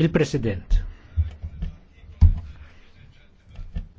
il-President.